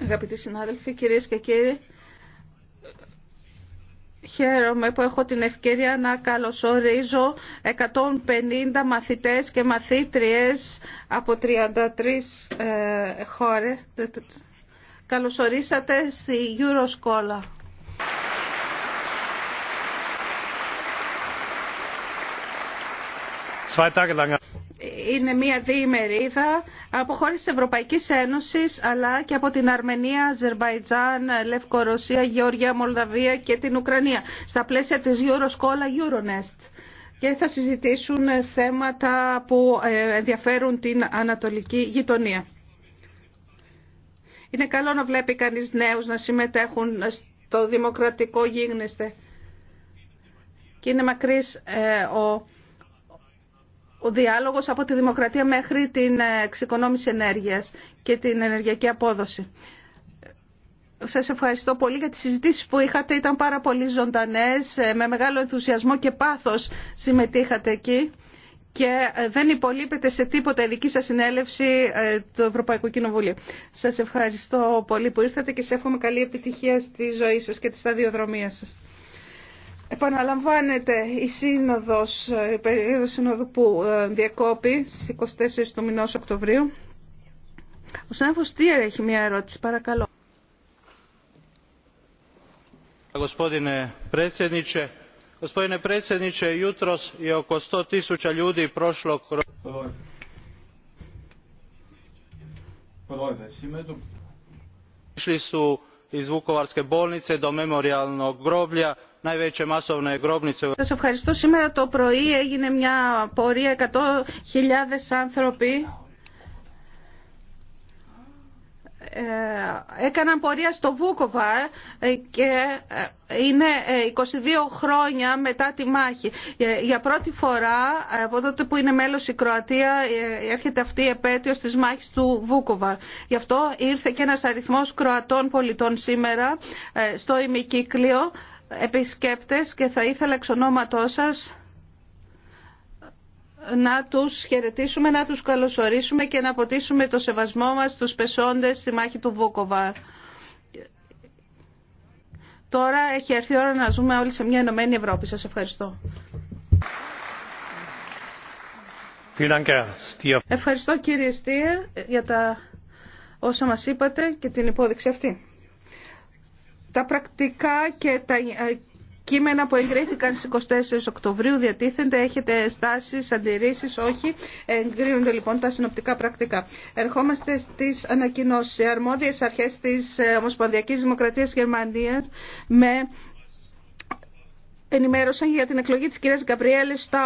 Αγαπητοί συνάδελφοι, κυρίες και κύριοι, χαίρομαι που έχω την ευκαιρία να καλωσορίζω 150 μαθητές και μαθήτριες από 33 ε, χώρες. Καλωσορίσατε στη Γιουροσκόλα είναι μια διημερίδα από χώρε τη Ευρωπαϊκής Ένωσης αλλά και από την Αρμενία, Αζερβαϊτζάν, Λευκορωσία, Γεωργία, Μολδαβία και την Ουκρανία στα πλαίσια της Euroscola Euronest και θα συζητήσουν θέματα που ε, ενδιαφέρουν την ανατολική γειτονία. Είναι καλό να βλέπει κανείς νέους να συμμετέχουν στο δημοκρατικό γίγνεσθε. Και είναι μακρύς ε, ο ο διάλογος από τη δημοκρατία μέχρι την ε, εξοικονόμηση ενέργειας και την ενεργειακή απόδοση. Σας ευχαριστώ πολύ για τις συζητήσεις που είχατε. Ήταν πάρα πολύ ζωντανές, ε, με μεγάλο ενθουσιασμό και πάθος συμμετείχατε εκεί και ε, δεν υπολείπεται σε τίποτα η δική σας συνέλευση του Ευρωπαϊκού Κοινοβουλίου. Σας ευχαριστώ πολύ που ήρθατε και σε εύχομαι καλή επιτυχία στη ζωή σας και τη σταδιοδρομία σας επαναλαμβάνεται η σύνοδος, η περίοδος σύνοδου που ε, διακόπη στις 24 του μηνός Οκτωβρίου. Ο Σάνφος Τίερ έχει μια ερώτηση, παρακαλώ. 100.000 iz vukovarske bolnice do memorijalnog groblja najvee masovne grobnice u europi. Ε, έκαναν πορεία στο Βούκοβα ε, και ε, είναι 22 χρόνια μετά τη μάχη. Για πρώτη φορά, από τότε που είναι μέλος η Κροατία, έρχεται αυτή η επέτειο της μάχης του Βούκοβα. Γι' αυτό ήρθε και ένας αριθμός Κροατών πολιτών σήμερα στο ημικύκλιο επισκέπτες και θα ήθελα εξ ονόματός σας να τους χαιρετήσουμε, να τους καλωσορίσουμε και να αποτίσουμε το σεβασμό μας στους πεσόντες στη μάχη του Βούκοβα. Τώρα έχει έρθει η ώρα να ζούμε όλοι σε μια ενωμένη Ευρώπη. Σας ευχαριστώ. Ευχαριστώ κύριε Στία για τα όσα μας είπατε και την υπόδειξη αυτή. Τα πρακτικά και τα κείμενα που εγκρίθηκαν στις 24 Οκτωβρίου διατίθενται. Έχετε στάσεις, αντιρρήσεις, όχι. Εγκρίνονται λοιπόν τα συνοπτικά πρακτικά. Ερχόμαστε στις ανακοινώσεις. Οι αρμόδιες αρχές της Ομοσπονδιακής Δημοκρατίας Γερμανίας με ενημέρωσαν για την εκλογή της κυρίας Γκαμπριέλη στα